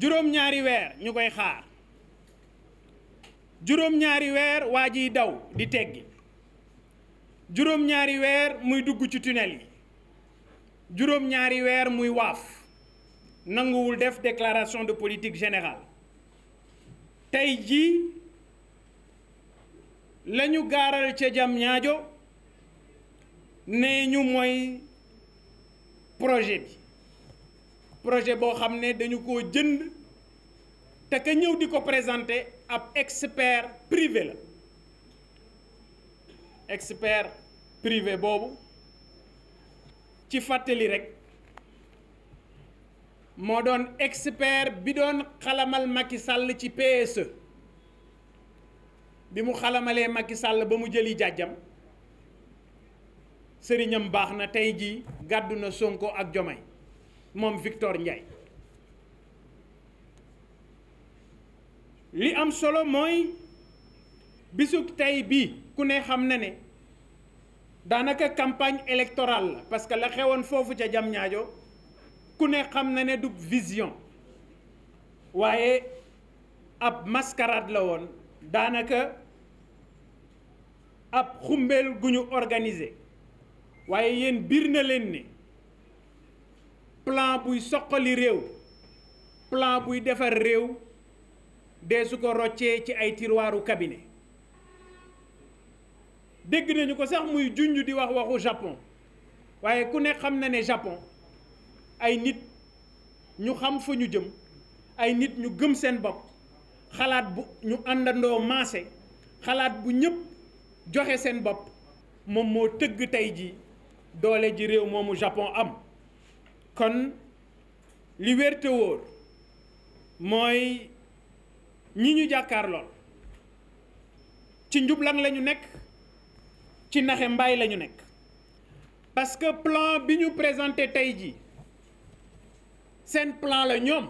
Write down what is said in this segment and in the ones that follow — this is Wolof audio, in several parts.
juróom-ñaari weer ñu koy xaar juróom-ñaari weer waa jiy daw di teggi juróom-ñaari weer muy dugg ci tunnel yi juróom-ñaari weer muy waaf nanguwul def déclaration de politique générale tey ji lañu gaaral ca jam ñaajo nee ñu mooy projet bi projet bo xamné dañu ko jënd té ka ñëw diko présenter ab expert privé la expert privé bobu ci fàttali rek mo doon expert bi doon xalamal Macky Sall ci PSE bi mu xalamalé Macky Sall ba mu jëli jajjam sëriñam baxna tay ji gaduna Sonko ak jomay moom Victor Ndiaye li am solo mooy bisug tey bi ku ne xam na ne daanaka campagne électorale la parce que la xewoon foofu ca jam ñaajo ku ne xam na ne du vision waaye ab mascarade la woon daanaka ab xumbeel gu ñu organiser waaye yéen biir na leen ne plan buy soqali réew plan buy defar réew dee su ko roccee ci ay tiroiru cabinet dégg nañu ko sax muy junj di wax waxu Japon waaye ku ne xam na ne Japon ay nit ñu xam fa ñu jëm ay nit ñu gëm seen bopp xalaat bu ñu àndandoo maase xalaat bu ñëpp joxe seen bopp moom moo tëgg tey ji doole ji réew moomu Japon am kon li wér te wóor mooy ñi ñu jàkkaar lool ci njublang la ñu nekk ci naxe mbaay la ñu nekk parce que plan bi ñu présenté tey ji seen plan la ñoom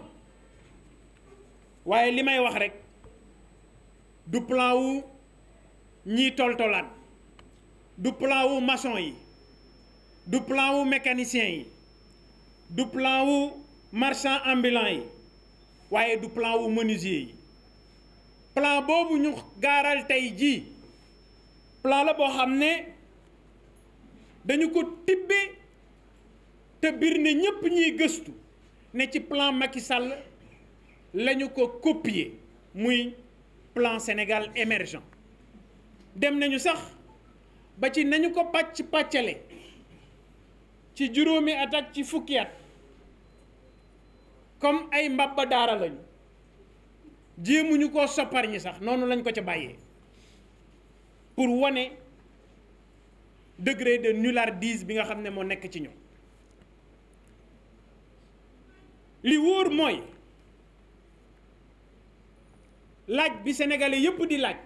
waaye li may wax rek du plan wu ñiy toltolaan du plan wu maçon yi du plan wu mécanicien yi du plan wu marchand ambulant yi waaye du plan wu menuisier yi plan boobu ñu gaaral tey jii plan la boo xam ne dañu ko tibbe te biir ne ñépp ñuy gëstu ne ci plan Macky Sall lañu ko copier muy plan Sénégal émergent dem nañu sax ba ci nañu ko pàcc pàccale ci juróomi at ci fukki at comme ay mbabba daara lañu jéemuñu ko soppar ñi sax noonu lañ ko ca bàyyee pour wane degré de nullardise bi nga xam ne moo nekk ci ñoom li wóor mooy laaj bi sénégalais yépp di laaj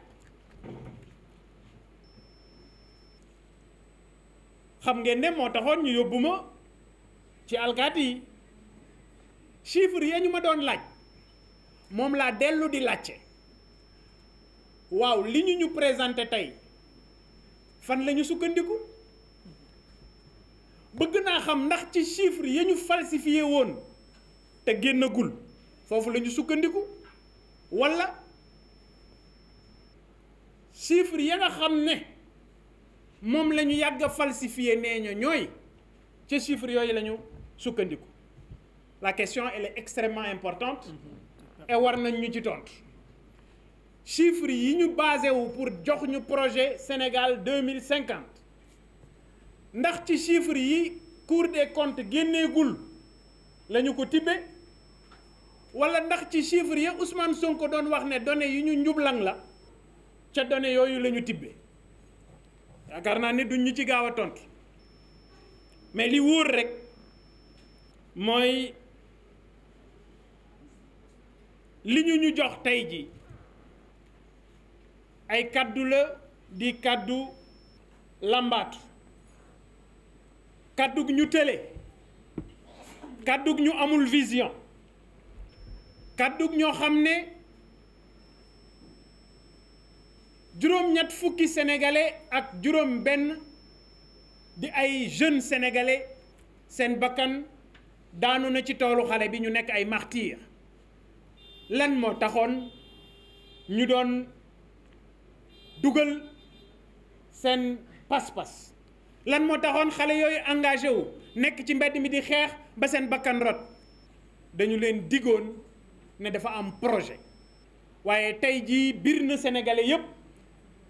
xam ngeen ne moo taxoon ñu yóbbu ma ci alkaati yi chiffre ya ñu ma doon laaj moom laa dellu di laajte waaw li ñu ñu présenté tey fan lañu sukkandiku bëgg naa xam ndax ci chiffre ya ñu falsifié woon te génnagul foofu lañu sukkandiku walla chiffre ya nga xam ne mom lañu ñu falsifier a ñoy ci chiffres yoy lañu ñu sukkandiku la question elle est extrêmement importante et war nañ ñu ci tontu chiffres yi ñu basé wu pour jox ñu projet Sénégal 2050. ndax ci chiffres yi Cour des comptes génneegul la ñu ko tibbe wala ndax ci chiffres yi Ousmane Sonko doon wax ne données yi ñu njublang la ca données yooyu lañu ñu yaakaar naa ne duñ ñu ci gaaw a tontu mais li wóor rek mooy li ñu ñu jox tey ji ay kàddu la di kàddu làmbaatu kaddug ñu télé kaddug ñu amul vision kaddug ñoo xam ne juróom-ñett fukki sénégalais ak juróom-benn di ay jeunes sénégalais seen bakkan daanu na ci toolu xale bi ñu nekk ay martyrs lan moo taxoon ñu doon dugal seen pas-pas lan moo taxoon xale yooyu engagé wu nekk ci mbedd mi di xeex ba seen bakkan rot dañu leen digoon ne dafa am projet waaye tey jii biir na sénégalais yépp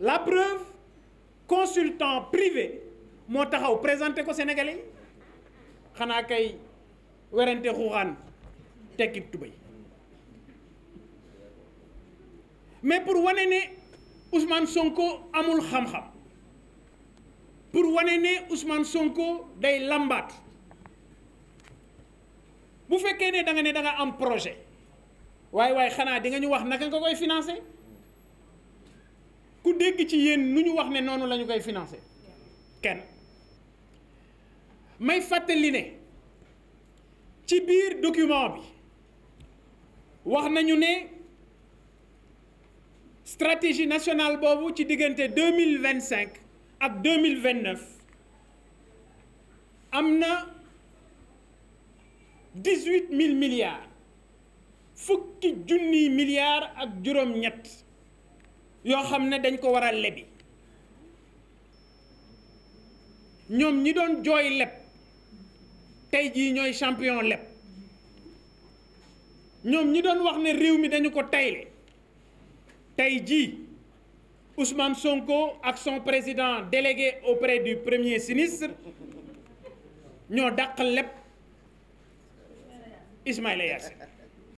la preuve consultant privé moo taxaw présenté ko Sénégalais yi xanaa kay werante xuuxaan mais pour wane ne Ousmane Sonko amul xam-xam pour wane ne Ousmane Sonko day lambat bu féké ne da nga né da nga am projet way way xanaa di nga ñu wax naka nga koy financer dégg ci yéen nu ñu wax ne noonu la ñu koy financé kenn may fàtte li ne ci biir document bi wax nañu la stratégie nationale boobu ci 2025 ak 2029 y a 18 000 milliards fukki des milliards ak juróom ñett yoo xam ne dañ ko war lebi ñoom ñi doon joy leb tey jii champion leb ñoom ñi doon wax ne réew mi dañu ko tayle tey jii Ousmane Sonko ak son président délégué auprès du premier sinistre ñoo dàq leb Ismaïla Yassine